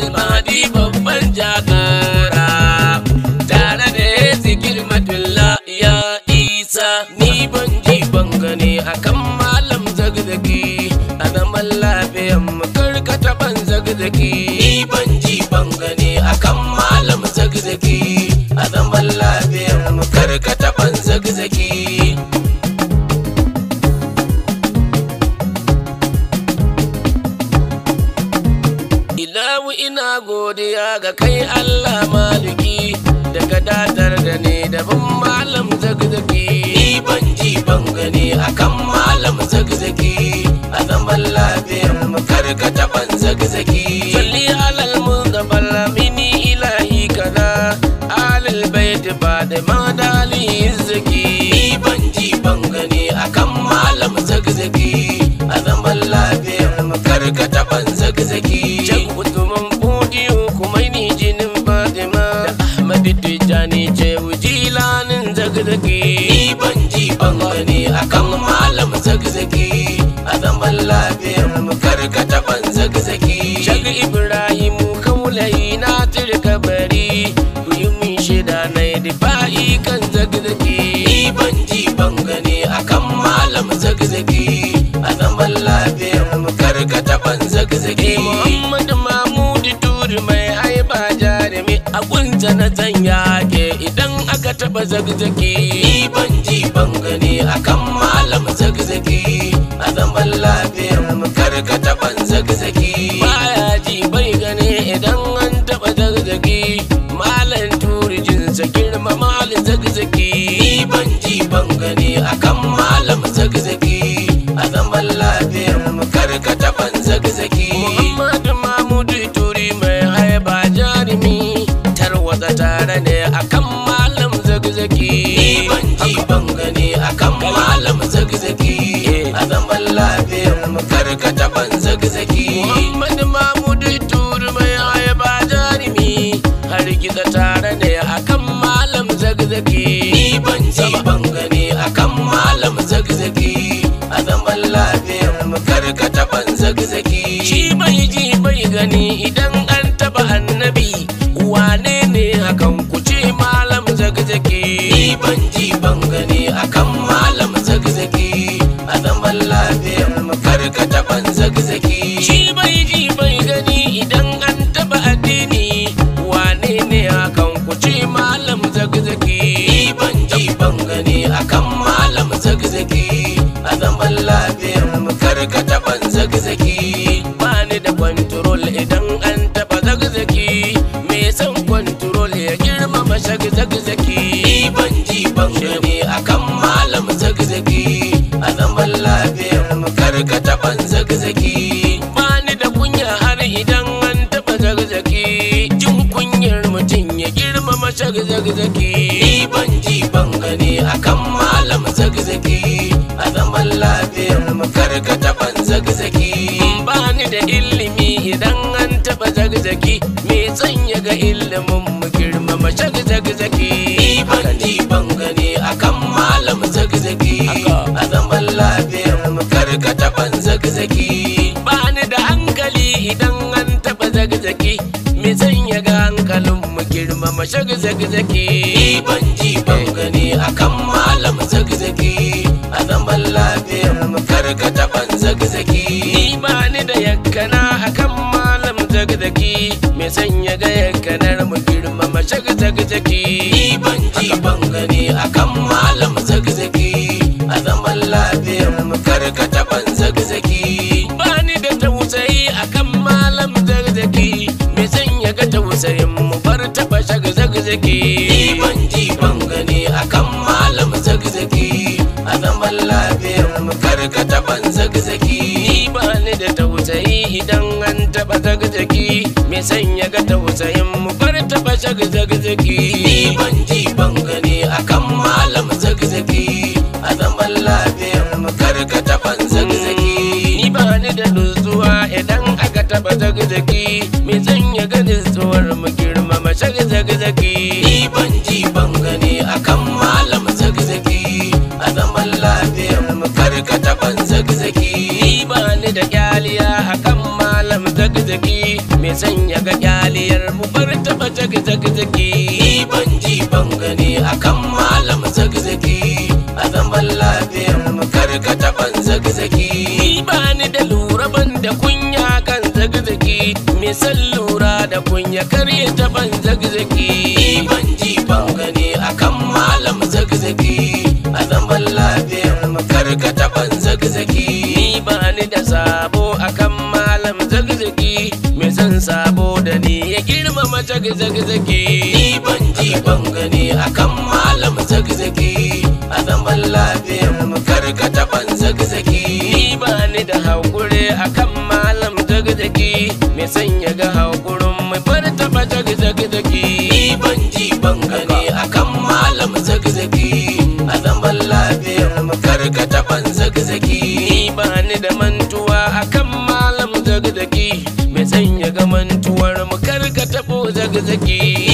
almadi babban jagara tare da ya zikir ya isa ni ban ji ban akan malam zagzagi a zaman lafiyan mu karkata ban zagzagi ni ban ji ban akan malam zagzagi a zaman lafiyan mu karkata ban zagzagi na godiya ga kai Allah maliki da gadatar da ne daban malam zagzagi ni ban ji ban gani akan malam zagzagi a zaman lafiyar mu karka ban zagzagi salli alal ga mini ilahi kaza alal bait ba da madali zagi ni ban ji ban gani akan malam zagzagi a zaman lafiyar mu karka ban zagzagi zagzage ni ban ji akan malam zagzage a zaman lafiyar mu karkata ban zagzage shaga ibrahim kamulai na turka bari ku yi min shida na difa'i kan zagzage ni ban ji akan malam zagzage a zaman lafiyar mu karkata ban zagzage eh, Muhammadu Mamudu Turmai, mai aiba jarumi a kunta na zan yake ita Trabalhando aqui ji ban ji ban gani akan malam zagzagi a zaman lafiyar mu karkata ban zagzagi Muhammad Mahmud Turu mai haya ba jarumi har gida tare ne akan malam zagzagi ni ban ji ban gani akan malam zagzagi a zaman lafiyar mu karkata ban zagzagi shi bai ji bai gani idan ban ji ban akan malam zagzagi a zaman lafiyar karkata ban zagzagi shi bai ji bai gani idan an taba addini wane ne akan ku ce malam zagzagi ni ban ji ban akan malam zagzagi a zaman lafiyar karkata taban zagzaki ba ni da control idan an taba zagzagi me san control ya girmama shagzagzaki a akan malam zagzagi a zaman lafiyar mu karka taban zagzagi ba ni da kunya har idan an taba zagzagi jin kunyar mutum ya girmama zagzagi ni ban ji ban gani akan malam zagzagi a zaman lafiyar mu karka taban zagzagi ba ni da ilimi idan an taba zagzagi zagzaki ba ni da hankali idan an taba zagzaki me zan ya ga hankalin mu girmama shag zagzaki ban ji ban gani akan malam zagzaki a zaman lafiyar mu karkata ban zagzaki ni ba ni da yakkana akan malam zagzaki me zan ya ga yakkanar mu girmama shag zagzaki ban ji ban gani akan zagzagi ban ji gani akan malam zagzagi a zaman lafiyar mu karkata ban zagzagi ba ni da tausayi idan an taba zagzagi me sanya sanya ga kyaliyar mu bar taba zagi zagi zagi ni ban ji ban gani akan malam zagi zagi a zaman lafiyar mu kar ka taban zagi zagi ni ba ni da lura ban da kunya kan zagi zagi me san lura da kunya kar ya taban zagi zagi ni ban ji ban gani akan malam zagi zagi saboda sabo da ni ya girmama zagzagzage ni ban ji ban gani akan malam zagzage a zaman lafiyar mu karkata ban zagzage ni ba ni da hakuri akan malam zagzage Me sanya ga haƙurin mu farta ba zagzagzage जिंदगी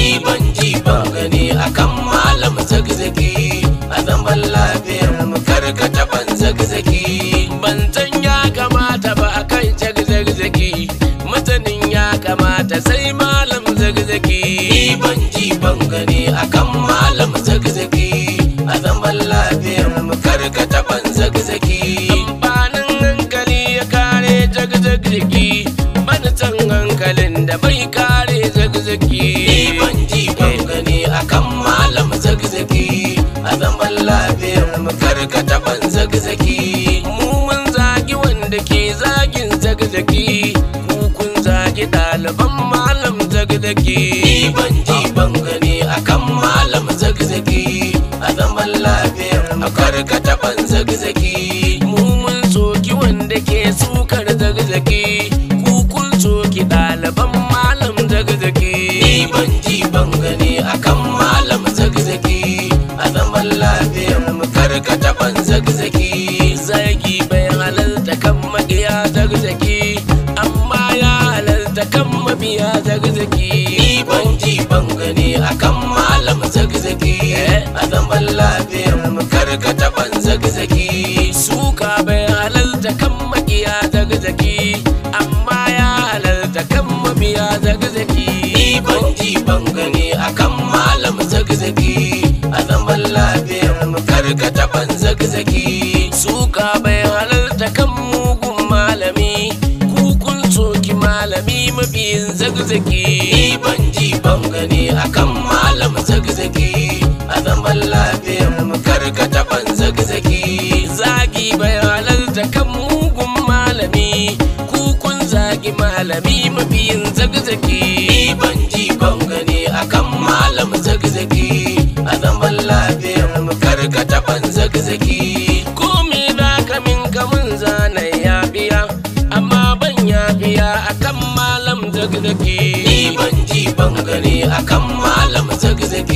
zaman lafiyar mu ka taban zagzaki mu mun zagi wanda ke zagin zagzaki ku kun zagi ɗaliban malam zagzaki ni ban ji ban gani akan malam zagzaki a zaman lafiyar mu ka taban zagzaki mu mun soki wanda ke sukar zagzaki ku kun soki ɗaliban malam zagzaki ni ban ji ban gani akan zagzaki zagi bai halarta kan maƙiya eh, zagzaki amma ya halarta kan mabiya zagzaki ni ban ji ban gani a kan malam zagzaki a zaman lafiyar mu karkata ban zagzaki suka bai halarta kan maƙiya zagzaki amma ya halarta kan mabiya zagzaki ni ban ji ban gani a kan malam zagzaki a zaman lafiyar mu karkata ban Ka bai halarta kan mugun malami kukun soki malami mabiyin zagzage ni ban ji ban gani akan malam zagzage a zaman lafiyar mu karkata ban zagzage zagi bai halarta kan mugun malami kukun zagi malami mabiyin zagzage biya akan malam zagzage ni ban ji ban gani akan malam zagzage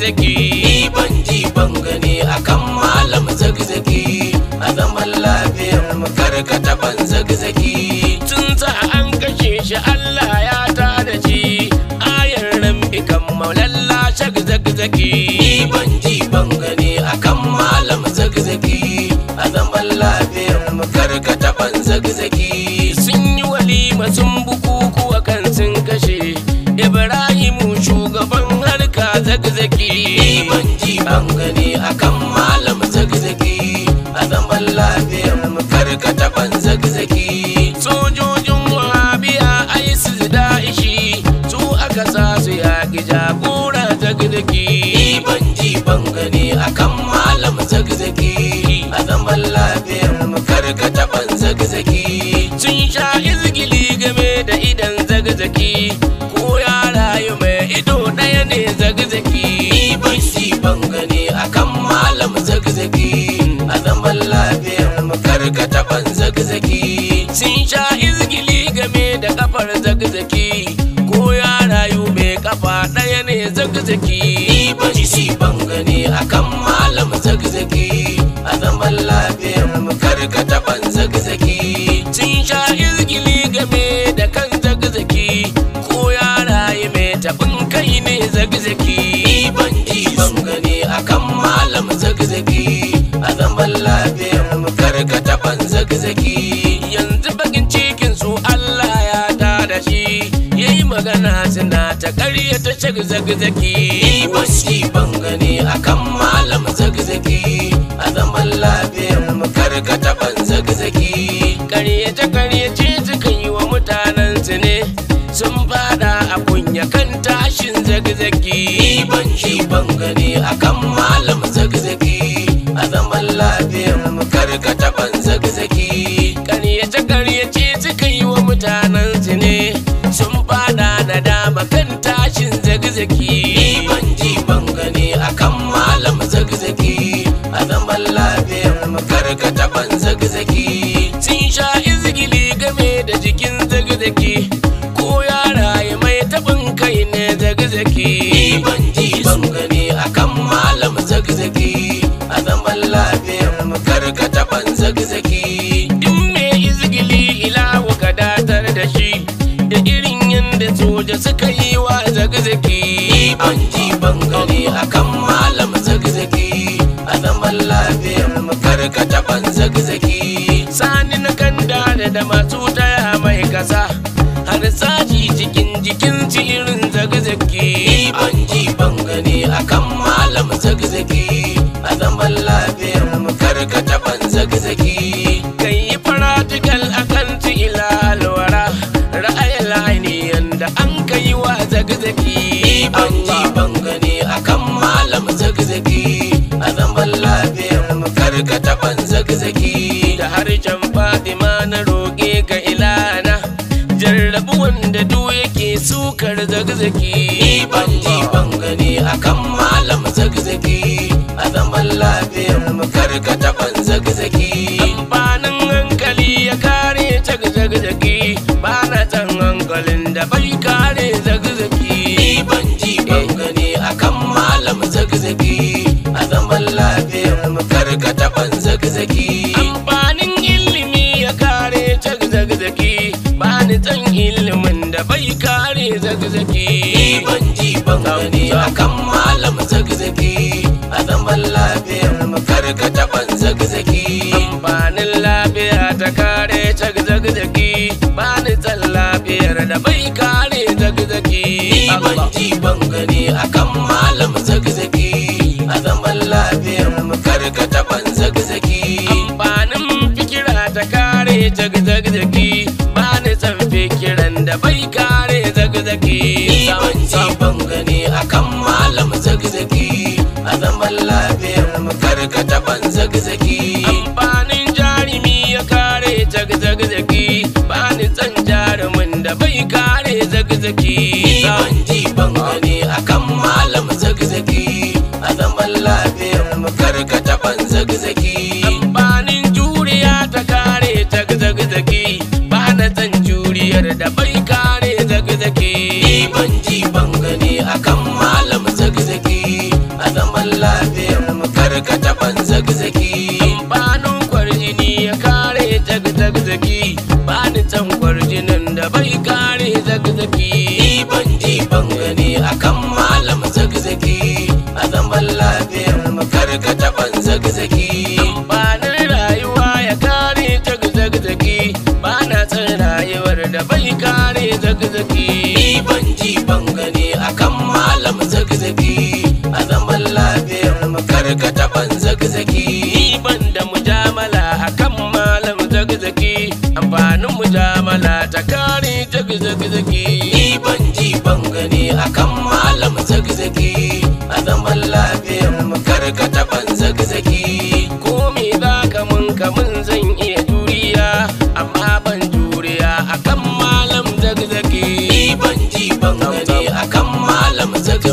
zagzage ban ji ban gani akan malam zagzage a zaman lafiyar mu karkata ban zagzage tun za an kashe shi Allah ya tada shi ayar rambi kan maulalla shag zagzage ban ji ban gani akan malam zagzage a zaman lafiyar mu karkata ban zagzage an gani akan malam sun sha izgili game da kafar zagzaki ko ya rayu mai kafa ɗaya ne zagzaki ni ba ji shi ban gani akan malam zagzaki a zaman lafiyar mu karkata karya ta shiga zagzaki zaki. bashi ban gani akan malam zagzaki a zaman lafiyar mu karka taban zagzaki ƙarya ta ce sukan yi wa mutanen su ne sun fada a kunya kan tashin zagzaki zaki. shi ban akan malam zagzaki a zaman lafiyar mu karka taban zagzaki ƙarya ta ce sukan yi wa mutanen su ne sun fada da dama kan zagzaki ban ji akan malam zagzaki a zaman lafiyar mu ta ba can ma na roƙe ka ilana jarrabu wanda duk yake sukar zagzaki ni ban ji ban gani akan da bai kare zagzage ni ban ji ban gani akan malam zagzage a zaman lafiyar mu karka taban amfanin lafiya ta kare ta zagzage ba ni lafiyar da bai kare zagzage ni ban ji ban gani akan malam zagzage a zaman lafiyar mu karka taban zagzage amfanin fikira ta kare zagzage da bai kare zagzaki ban ji ban gani akan malam zagzaki a zaman lafiyar mu karkata ban zagzaki जग की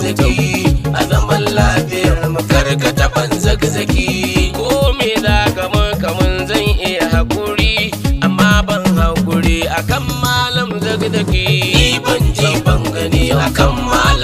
zaki a zaman lafiyar mu ban zaki-zaki. ko me za ka kamun zan iya hakuri amma ban hakuri akan malam zaki-zaki. ni ban ji ban gani akan malam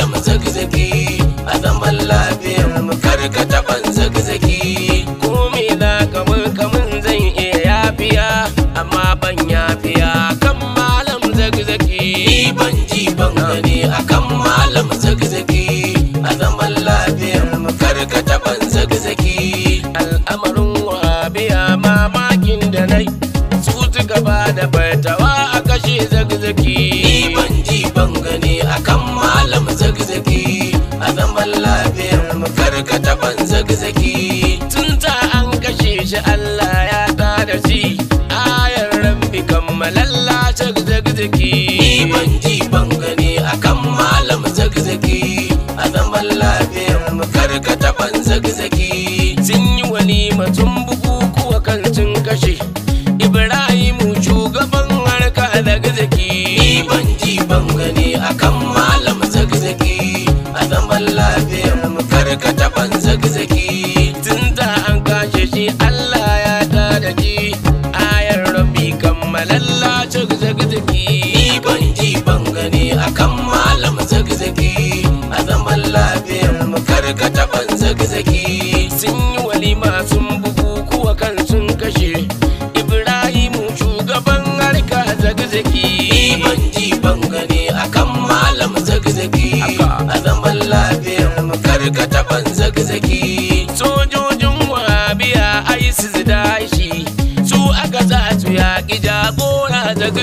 da baitawa a kashe zagzaki ni ban ji ban gani akan malam zagzaki a zaman lafiyar mu karkata ban zagzaki tun ta an kashe shi Allah 在。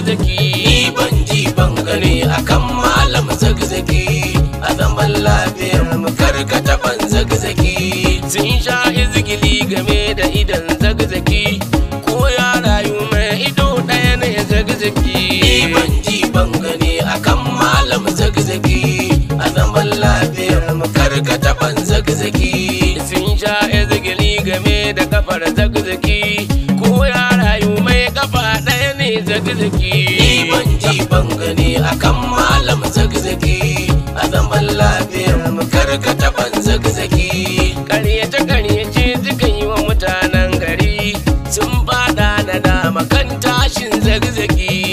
zagzaki ni ban ji ban gani akan malam zagzaki a zaman lafiyar mu karkata ban zagzaki sun sha izgili game da idan zagzaki ko ya rayu mai ido ɗaya ne zagzaki ni ban ji ban gani akan malam zagzaki a zaman lafiyar mu karkata ban zagzaki zagzagi ban ji ban gani akan malam zagzagi a zaman lafiyar mu karkata ban zagzagi karyace karyace duka yi wa mutanen gari sun fada na dama kan tashin zagzagi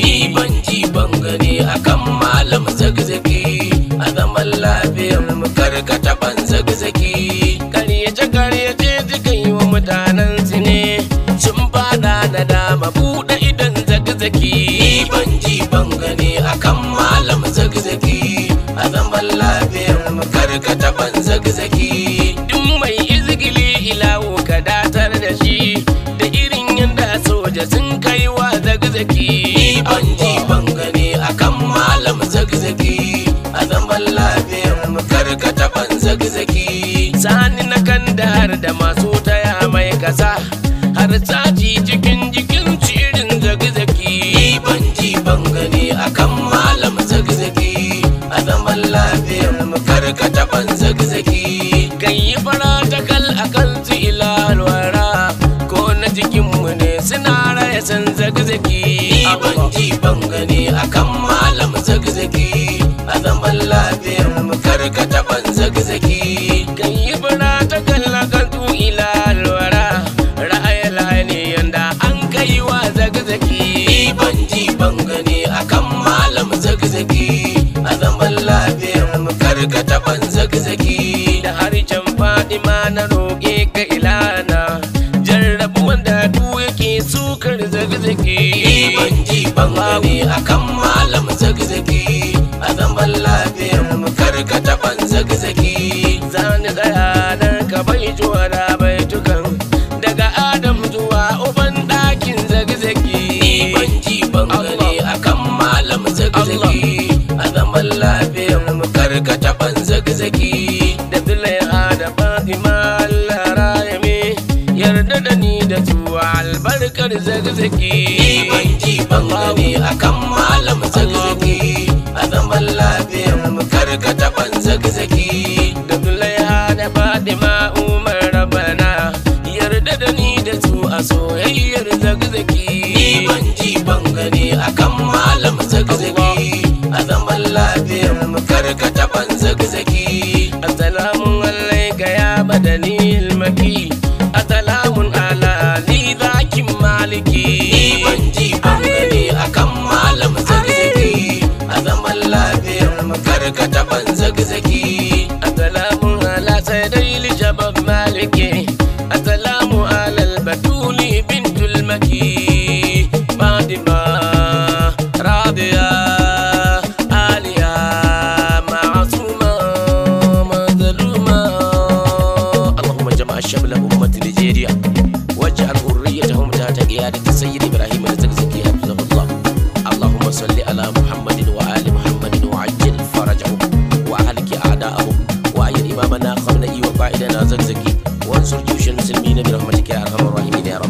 zagzagi abin ɗiban gani akan malam zagzagi a zaman lafiyar mu karkata ban zagzagi kan yi bura ta kalla kan tu ila alwara ra'ayar ne yanda an kai wa zagzagi ban ɗiban gani akan malam zagzagi a zaman lafiyar mu karkata ban zagzagi da har can faɗi ma na roƙi zagzage Iban iban gani akan malam zagzage A zaman lafiyar mu karkata ban zagzage wa albarkar zagzaki. Iban kiban gari akan malam zagzaki a zaman lafiya. take it.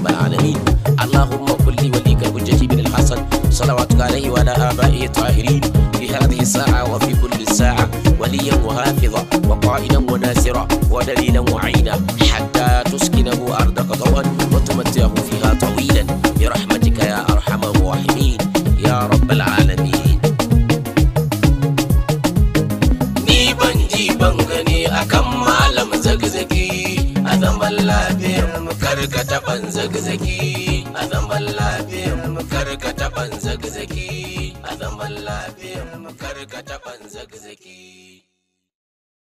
اللهم أعانني اللهم كل وليك الحجة بن الحسن صلواتك عليه وعلى آبائه الطاهرين في هذه الساعة وفي كل ساعة وليا وحافظا وقائدا وناصرا ودليلا وعينا zagzaki